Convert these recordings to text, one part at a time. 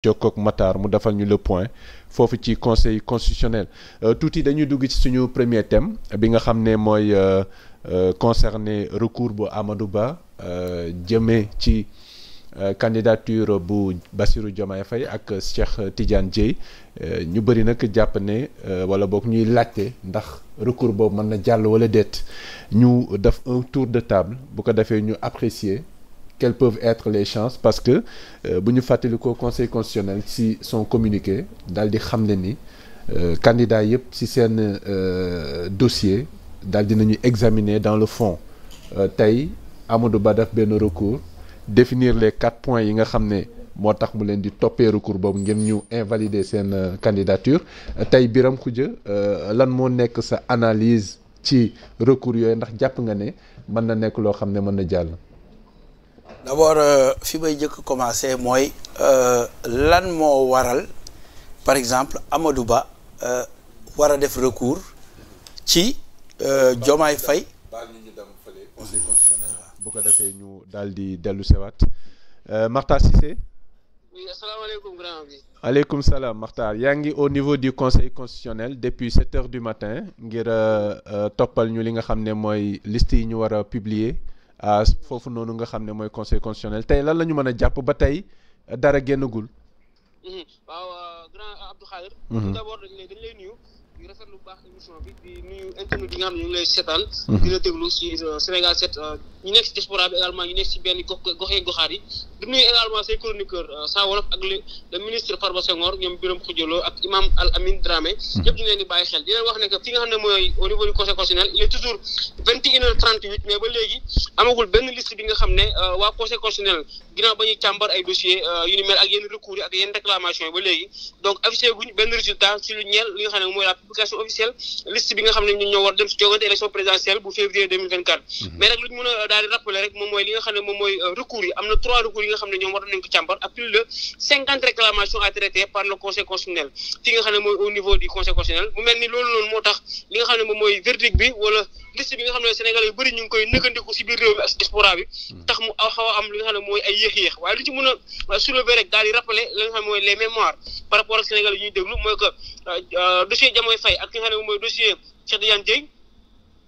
jokkook Matar mu defal ñu le point foofu ci conseil constitutionnel euh, tuuti dañuy dugg ci suñu premier thème bi nga xam ne mooy euh, euh, concerné recours bu Amadou Ba jëmee ci candidature bu Bassirou Diomaye fay ak Cheikh Tidiane Dièye ñu bëri nag jàpp ne wala boog ñuy laajte ndax recours boobu mën na jàll wala déet ñu def un tour de table bu ko defee ñu apprécier quelles peuvent être les chances parce que euh, bu ñu fàttali ko conseil constitutionnel si son communiqué daal di xam ne ni euh, candidat yëpp si seen euh, dossier dal di nañu examiner dans le fond tey Amadou Ba def benn recours définir les quatre points yi nga xam ne moo tax mu leen di toppee recours boobu ngeen ñu invalider seen candidature tey biram Birame Khoudia lan moo nekk sa analyse ci recours yooyu ndax jàpp nga ne mën na nekk loo xam ne mën na jàll. d'abord euh, fi may jëkk commencer mooy euh, lan moo waral par exemple amadu Ba euh, war a def recours ci Diomaye Faye bu ko defee ñu daal di dellu sewaat Makhtar Cissé asalaamaaleykum grand bi aleykum salaam Makhtar yaa ngi au niveau du conseil constitutionnel depuis sept heures du matin ngir toppal ñu li nga xam ne mooy liste yi ñu war a publier Ah, foofu noonu nga xam ne mooy conseil constitutionnel tey lan la ñu mën a jàpp ba tey dara génnagul. Mhm. waaw euh, grand Abdou di rafetlu bu baax émission bi di nuyu internet yi nga ñu lay seetaan. Mhm. di la si euh, Sénégal 7 euh, ñu nekk si diaspora bi ñu nekk si benn gox gox yi di nuyu également say chroniqueur euh, Sa Wolof ak le le ministre Farba Senghor ñoom Birame ak imam Al Amin Dramé. Mhm. ñëpp ñu ngi leen bàyyi xel di leen wax ne que fi nga xam ne mooy au du conseil constitutionnel il est toujours vingt ba léegi amagul benn liste bi nga xam ne waa conseil constitutionnel. ginnaaw ba ñuy càmbar ay dossier euh, yu ni mel ak yenn recours yi ak yenn réclamation yi ba léegi donc affiché benn résultat si lu ñeel li nga xam ne mooy la publication officielle liste bi nga xam ne ñun war dem si jogante élection présidentielle bu février 2024 mhm. mais rek lu ñu euh, recours yi am na trois recours yi nga xam ne ñoom war nañ ko càmbar ak plus de cinquante réclamations à traiter par le conseil conseil constitutionnel mu mel ni décide bi nga xam ne Sénégal yu bëri ñu ngi koy nëgandiku si biir réew mi ak si diaspora bi hmm. tax mu xaw a am li nga xam ne mooy ay yéex-yéex waaye lu ci mën a euh, soulever rek daal di rappeler li nga mooy les mémoires par rapport ak Sénégal yi ñuy déglu mooy que euh, euh, dossier Diomaye Faye ak nga xam ne mooy dossier Cheikh Tidiane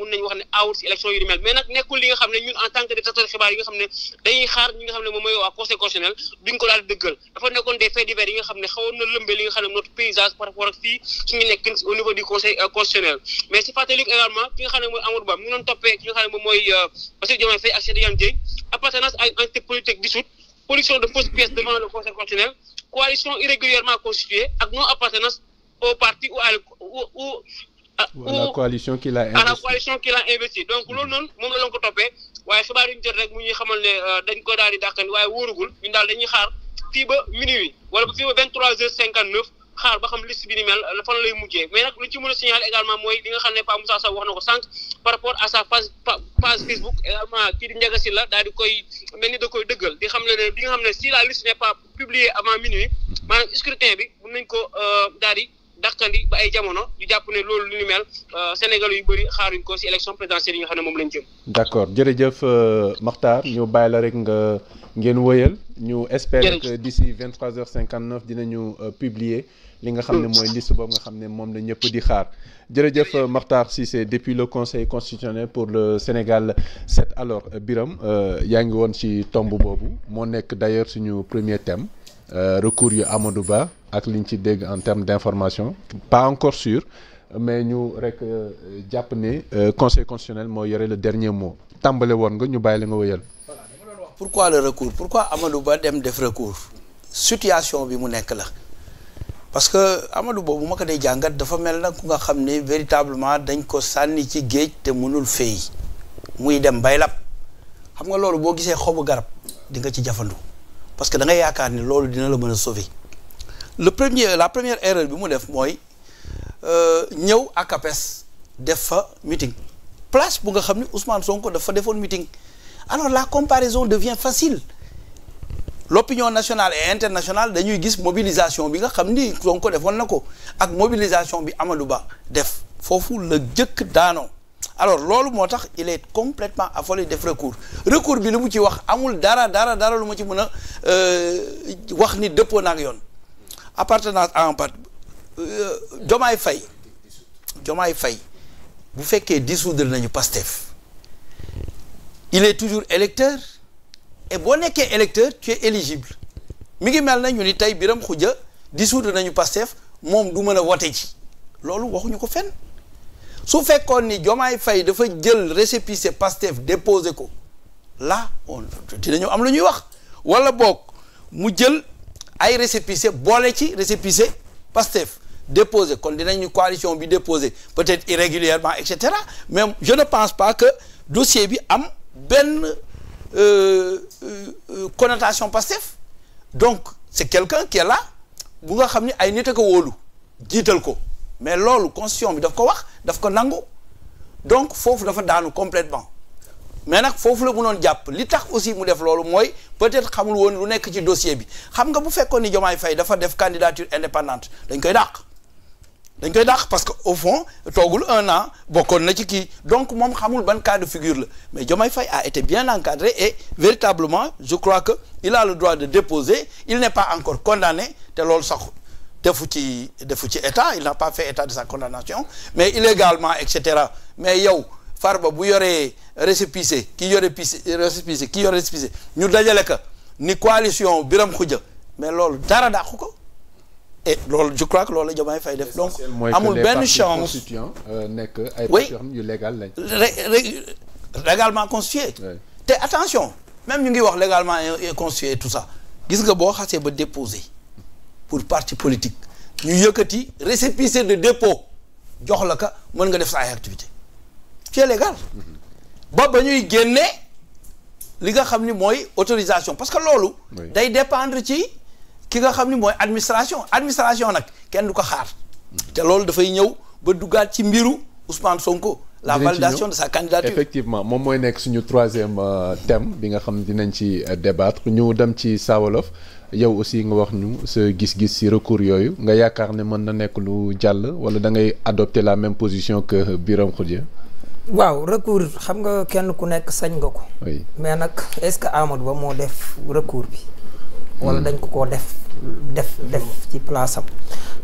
mun nañu wax ne awut si élection yu mais nag nekkul li nga xam ne ñun en tant que détenteur xibaar yi nga xam ne dañuy xaar ñi nga xam ne mooy waa conseil constitutionnel duñ ko daal dëggal dafa nekkoon des faits yi nga xam ne xawoon na lëmbee li nga xam ne notre paysage par rapport ak fii suñu au niveau du conseil euh, constitutionnel mais si fàttali également ki nga xam ne mooy Amadou Ba mu ngi toppee ki nga xam ne mooy euh, Bassirou Diomaye Faye ou coalition qui l'a investi coalition qui l'a investi donc loolu noonu moom la la ko toppee waaye xibaar yi ñu jot rek mu ñuy xamal ne euh, dañ ko daal di dàqani waaye wóorugul ñun daal dañuy xaar fii ba minuit wala fii ba vingt trois heures cinquante neuf xaar ba xam liste bi ni mel fan lay mujjee mais nag lu ci mën a également mooy li nga xam ne Pa Moussa wax na ko sànq par rapport à sa page page Facebook également kii di Ndiaga daal di koy mel raqandi ay jamono ñu loolu lu ñu mel euh, ko si élection présidentielle nga xam ne moom lañ jëm. d' accord jërëjëf euh, Makhtar ñu bàyyi la rek nga ngeen wëyal. ñu espère que d'ici 23h59 dinañu euh, publier. li nga xam ne hmm. mooy liste boobu nga xam ne moom la ñëpp di xaar. jërëjëf si Cissé depuis le conseil constitutionnel pour le Sénégal 7 alors Birame yaa ngi woon ci tomb boobu moo nekk d' ailleurs suñu premier thème. Euh, recours yu amadu Ba ak li ñu ci dégg en terme d'information pas encore sûr mais ñu rek euh, jàpp ni euh, conseil constitutionnel moo yore le dernier mot tàmbale woon nga ñu bàyyi la nga wëyal. pourquoi le recours pourquoi Amadou Ba dem def recours situation bi mu nekk la parce que Amadou boobu ma ko dee jàngat dafa mel na ku nga xam ne véritablement dañ ko sànni ci géej te mënul fay muy dem bay xam nga loolu boo gisee xobu garab di nga ci jafandu. parce que da yaakaar ni loolu dina la mën a sauver le premier la première erreur bi mu def mooy euh, ñëw ak APES def fa meeting place bu nga xam ni Ousmane Sonko dafa defoon meeting alors la comparaison devient facile l'opinion nationale et internationale dañuy gis mobilisation bi nga xam ni Sonko defoon na ko ak mobilisation bi Amadou Ba def foofu la jëkk daanoo alors loolu moo tax il est complètement affolé def recours recours bi lu mu ci wax amul dara dara dara lu ma ci mën a euh, wax ni dëppoo na ak yoon appartenance à un parti fay euh, Faye Diomaye Faye bu fekkee dissoudre nañu Pastef il est toujours électeur et boo nekkee électeur tu es éligible mi ngi mel na ñu ni tey Biram Khoudia dissoudre nañu Pastef moom du mën a wote ci loolu waxuñu ko fen su fekkoon ni Diomaye fay dafa jël récépissé Pastef déposé ko là on dinañu am lu ñuy wax wala boog mu jël ay récépissé boole ci récépissé Pastef déposé kon dinañu coalition bi déposé peut-être irrégulièrement et cetera mais je ne pense pas que dossier bi am benn euh, euh, connotation Pastef donc c'est quelqu'un qui est bu nga xam ni ay nit a ko wóolu jiital ko mais loolu constitution bi daf ko wax daf ko nangu donc foofu dafa daanu complètement mais nag foofu la mënoon jàpp li tax aussi mu def loolu mooy peut-être xamul woon lu nekk ci dossier bi xam nga bu fekkoon ni jomaay Faye dafa def candidature indépendante dañ koy dàq dañ koy dàq parce que au fond toogul un an bokkoon na ci kii donc moom xamul ban cas de figure la mais Diomaye fay a été bien encadré et véritablement je crois que il a le droit de déposer il n'est pas encore condamné te loolu saxul defu ci defu ci état il n'a pas fait état de sa condamnation mais illégalement et cetera mais yow ba bu yoree récépissé ki yore pis récépissé ki yore récépissé ñu dajale ka ni coalition Biram Khoudia mais loolu dara dàqu ko et loolu je crois que loolu la Diomaye Faye def donc amul benn chance euh, nekk ay yu légal lañ légalement constitué te attention même ñu ngi wax légalement constitué tout ça gis nga boo xasee ba déposé pour parti politique ñu yëkkati récépissé de dépôt jox la ka mën nga def saa ay activité c'est légal ba ba ñuy génne li nga xam ni mooy autorisation parce que loolu day dépendre ci ki nga xam ni mooy administration administration nag kenn du ko xaar mhm. te loolu dafay ñëw ba duggaat ci mbiru Ousmane Sonko la validation de sa candidature effectivement moom mooy nekk suñu troisième euh, thème bi nga xam dinañ ci euh, débattre ñu dem ci Saa yow aussi nga wax nu sa gis-gis ci recours yooyu nga yaakaar ne mën na nekk lu jàll wala da ngay adopter la même position que Birame Khoudia waaw recours xam nga kenn ku nekk sañ nga ko mais nag est-ce que Amadou Ba moo def recours bi wala hmm. dañ ko koo def def def ci place am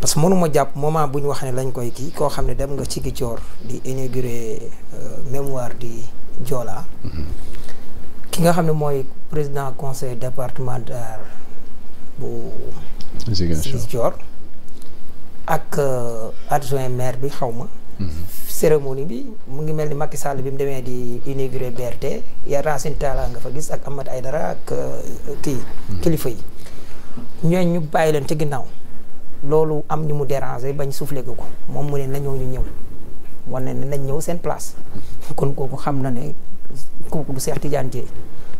parce que mënuma jàpp moment bu ñu wax ne lañ koy kii koo xam ne dem nga ci Ziguinchor di inaugurer euh, mémoire di Joola hmm. ki nga xam ne mooy président conseil départemental bu Ziguinchor ak euh, adjoint maire bi xaw ma mhm. cérémonie bi mu ngi mel ni Macky Sall bi mu demee di inauguré BRT ya Racine nga fa gis ak Ahmed dara ak euh, kii mhm. kilifa yi ñooñ ñu bàyyi leen ci ginnaaw loolu am ñu mu déranger bañ soufflé ko moom mu ne na ñu ñëw wane ne nañ ñëw seen place mhm. kon kooku xam na ne kooku du seex Tidiane Dièye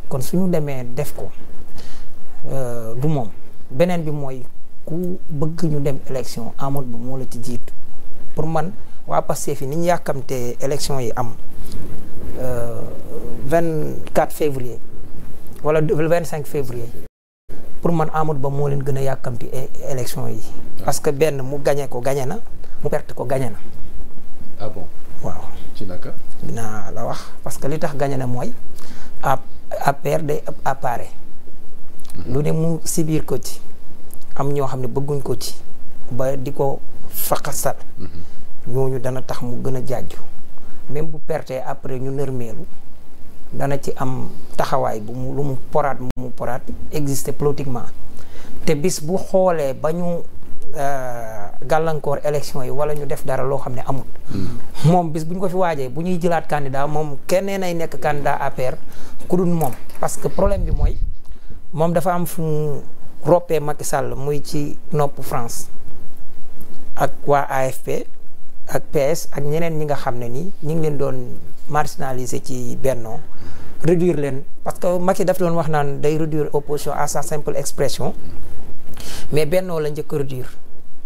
kon suñu demee def ko euh, du moom beneen bi mooy ku bëgg ñu dem élection Amadou Ba moo la ci jiitu pour man waa Pastef yi ni ñu yàkkamtee élection yi am euh, vingt quatre février wala vingt cinq février pour man Amadou Ba moo leen gën a yàkkamti e-, élection yi. parce que benn mu gañe ko gañe na mu perte ko gañe na. ah waaw. ci la wax parce que li tax gañe na mooy à à perdre appareil. lu ne mu si biir ko ci am ñoo xam ne bëgguñ ko ci ba di ko faqasal mm-hmm. ñooñu dana tax mu gën a jaaju même bu pertee après ñu nërmeelu dana ci am taxawaay bu mu lu mu poraat mu poraat exister politiquement te bis bu xoolee ba ñu euh, gàllankoor élection yi wala ñu def dara loo xam ne amul. Mm-hmm. moom bis bu ñu ko fi waajee bu ñuy jëlaat candidat moom keneen ay nekk candidat APR ku dul moom parce que problème bi mooy. moom dafa am fu mu roppee Macky Sall muy ci nopp France ak waa AFP ak PS ak ñeneen ñi nga xam ne nii ñu ngi leen doon marginaliser ci bennoo réduire leen parce que Macky daf doon wax naan day réduire opposition à sa simple expression mais Benno la njëkk réduire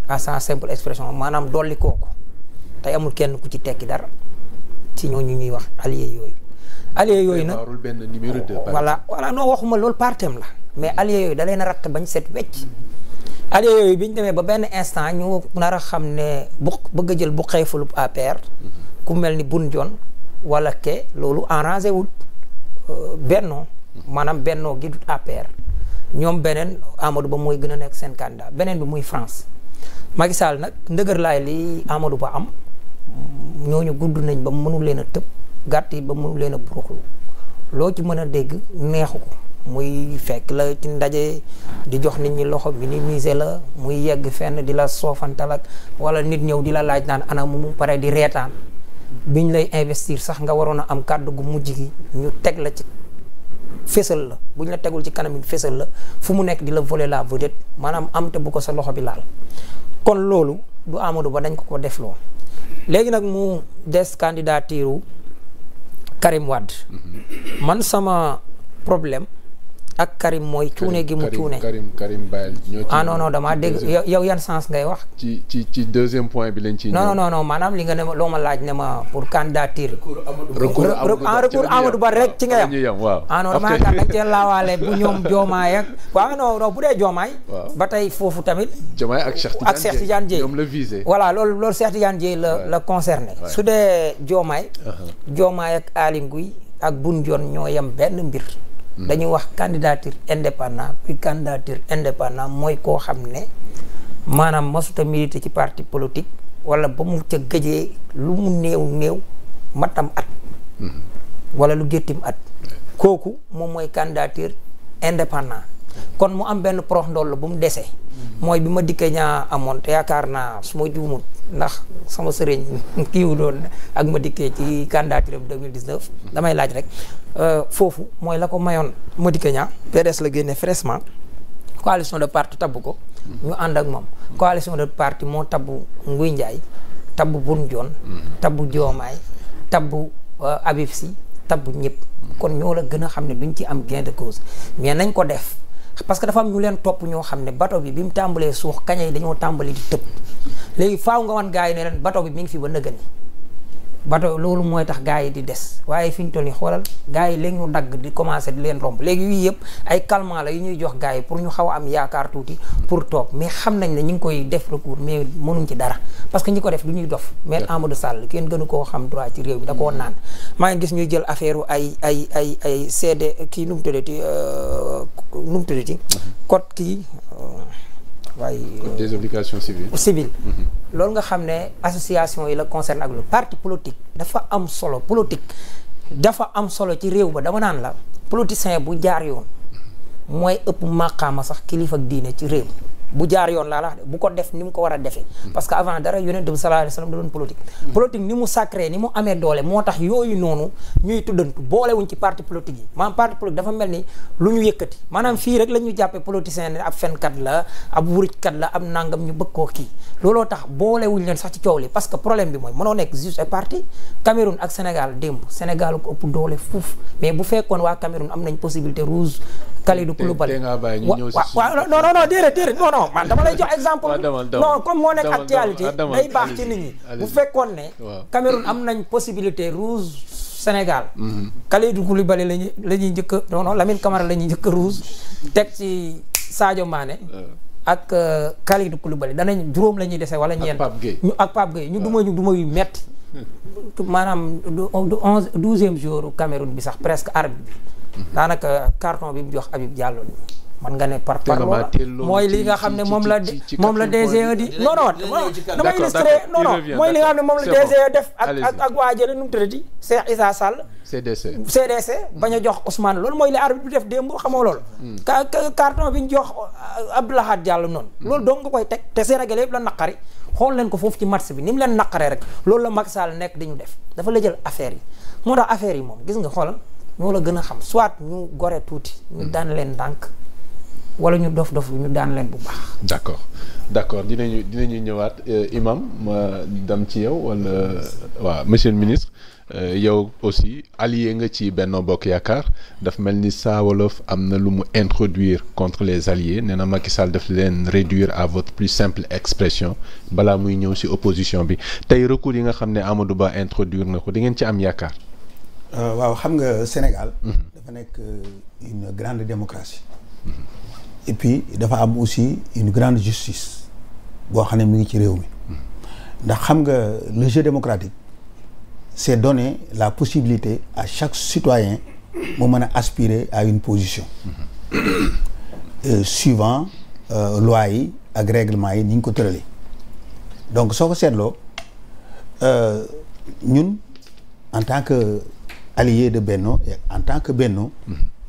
à sa simple expression maanaam dolli kooku tey amul kenn ku ci tekki dara ci ñooñu ñuy wax alliés yooyu. alliés yooyu nag voilà voilà non waxuma loolu partem la. mais alliés yooyu dalee leen a ratt bañ set wecc alliés yooyu biñ demee ba benn instant ñu nar a xam ne bu bëgg a jël bu xeefulu APR ku mel ni bun jon wala ke loolu arrangé wul euh, bennoo maanaam bennoo gi dut ñoom beneen Amadou Ba mooy gën a nekk seen candidat beneen bi muy France Macky Sall nag ndëgër laay li Amadou Ba am ñooñu gudd nañ ba mënu leen a tëb gàtt yi ba mënu leen a buruxlu loo ci mën a dégg neexu muy fekk la ci ndaje di jox nit ñi loxo bi minimiser la muy yegg fenn di la soofantal ak wala nit ñëw di la laaj naan ana mu mu pare di reetaan biñ lay investir sax nga waroon a am kàddu gu mujj gi ñu teg la ci fésal la buñ la tegul ci kanam fésal la fu mu nekk di la voler la vedette maanaam am te bu ko sa loxo bi laal kon loolu du Amadou Ba dañ ko ko defloo léegi nag mu des candidature Karim Wade mm-hmm. man sama problème ak Karim mooy. cuune gi mu cuune Karim Karim Bayel ñoo ah, damaa dégg yow yan sens ngay wax. ci ci ci point bi lañ ci non non non maanaam li nga ne ma loo laaj ne ma pour candidature. recours Amadou Ba rek ci nga yam waaw ah non damaa yaakaar dañ cee laawaale bu ñoom Diomaye ak waaw non bu dee Diomaye. ba tey foofu tamit. Diomaye ak Cheikh Tidiane ak Cheikh Tidiane Dièye ñoom la la la concerné. su dee Diomaye. Uh-huh. Diomaye ak Aly Ngouille ak Boun Dionne ñoo yam benn mbir. dañuy wax candidature indépendant puis candidature indépendant mooy koo xam ne maanaam masuta milité ci parti politique wala ba mu ca gëjee lu mu néew néew matam at mm-hmm. wala lu géttim at kooku moom mooy candidature indépendant kon mu am benn prox ndoll bu mu desee mm-hmm. mooy bi ma dikkee ñaa amoon te yaakaar naa su ma juumut ndax sama sëriñ kiiwu doon ak ma dikkee ci candidature am 2019 damay laaj rek euh, foofu mooy la ko mayoon ma dikkee ñaa PDS la génne fraîchement coalition de parti tabbu ko ñu ànd ak moom coalition de parti moo tabbu Nguy Ndiaye tabbu Boun tab tabbu Diomaye tabbu euh, Habib Sy tabbu ñëpp kon ñoo la gën a xam ne duñ ci am gain de cause mais nañ ko def parce que dafa am ñu leen topp ñoo xam ne bato bi bi mu tàmbalee suux kaña yi dañoo tàmbali di tëb léegi faw nga wan gaa yi ne leen bato bi mi ngi fi ba ni bato loolu mooy tax gars yi di des waaye fi ñu toll nii xoolal gars yi léegi ñu dagg di commencé di leen romb léegi yii yëpp ay calmant la yu ñuy jox gars yi pour ñu xaw am yaakaar tuuti pour toog mais xam nañ ne ñu ngi koy def recours mais mënuñ ci dara parce que ñi ko def du ñuy dof mais Amadou Sall kenn gënu koo xam droit ci réew mi da naan maa ngi gis ñuy jël affaire ay ay ay ay CD kii nu mu tuddati euh, nu mu tuddati mm-hmm. code kii euh, waaye. Euh, des obligations civiles. Mhm. loolu nga xam ne association yi la concerne ak lu parti politique dafa am solo politique dafa am solo ci réew ba dama naan la politicien bu jaar yoon mooy ëpp màqaama sax kilifa diine ci réew. bu jaar yoon laa la bu ko def ni mu ko war a defee hmm. parce que avant dara yonent bi sallallahu alayhi wasallam da hmm. ni mu sacré ni mu amee doole moo tax yooyu noonu ñuy tuddantu boolewuñ ci parti politique yi maanaam parti politique dafa mel ni lu ñu yëkkati maanaam fii rek la ñu jàppee politicien ne ab fenkat la ab wurujkat la ab nangam ñu bëgg koo kii looloo tax boolewuñ leen sax ci coow li parce que problème bi mooy mënoo nekk juste parti Cameroun ak Sénégal démb Sénégal ko ëpp doole fuuf bu fekkoon waa Cameroun am nañ possibilité rouge Kalidou Koulibaly waaw non non non déedéet déedéet non non man dama lay jox exemple non comme moo nekk actualité ah, day baax ci nit ñi bu fekkoon ne Cameroun am nañ possibilité rouge Sénégal mhm. Kalidou Koulibaly lañu la ñuy njëkk a non non Lamine Camara la ñuy njëkk teg ci Sadio maane euh. ak euh, Kalidou Koulibaly danañ juróom la ñuy dese wala ñeen ñu ak Pape Gueye ñu duma ñu duma yu metti maanaam du onze douzième jour Cameroun bi sax presque arbitre bi daanaka carton bi mu jox Habib Diallo li man nga ne par par mooy li nga xam ne moom la moom la DGE di non non dama illustré non non mooy li nga xam ne moom la DGE def ak ak waa jële nu mu tëddati Cheikh Issa Sall CDC CDC bañ a jox Ousmane loolu mooy li arbitre bi def démb xamoo loolu hmm. ka carton bi ñu jox euh, Abdoulahad Diallo noonu hmm. loolu doog nga koy teg te Sénégalais yëpp la naqari xool leen ko foofu ci match bi ni mu leen naqaree rek loolu la Macky Sall nekk di ñu def dafa la jël affaire yi moo tax affaire yi moom gis nga xoolal ñoo la gën a xam soit ñu gore tuuti ñu hmm. daan leen ndànk wala ñu dof dof ñu daan leen bu baax d'accord d'accord dinañu dinañu ñëwaat euh, imam ma dem ci yow wala waaw monsieur le ministre euh, yow aussi allié nga ci Benno Bokk Yaakaar daf mel ni Saa am na lu mu introduire contre les alliés nee na Macky Sall daf leen réduire à votre plus simple expression balaa muy ñëw ci opposition bi tey recours yi nga xam ne Amadou Ba introduire na ko di ngeen ci am yaakaar Euh, waaw xam nga Sénégal. Mhm. dafa nekk euh, une grande démocratie. Mhm. et puis dafa am aussi une grande justice. boo xam ne mu ngi ci réew mi. Mhm. ndax xam nga le jeu démocratique. c'est donner la possibilité à chaque citoyen mu mën a aspirer à une position. Euh, suivant euh, loi yi ak règlement yi ni ñu ko trailer donc soo ko seetloo ñun en tant que. allié de Benno en tant que Benno mhm.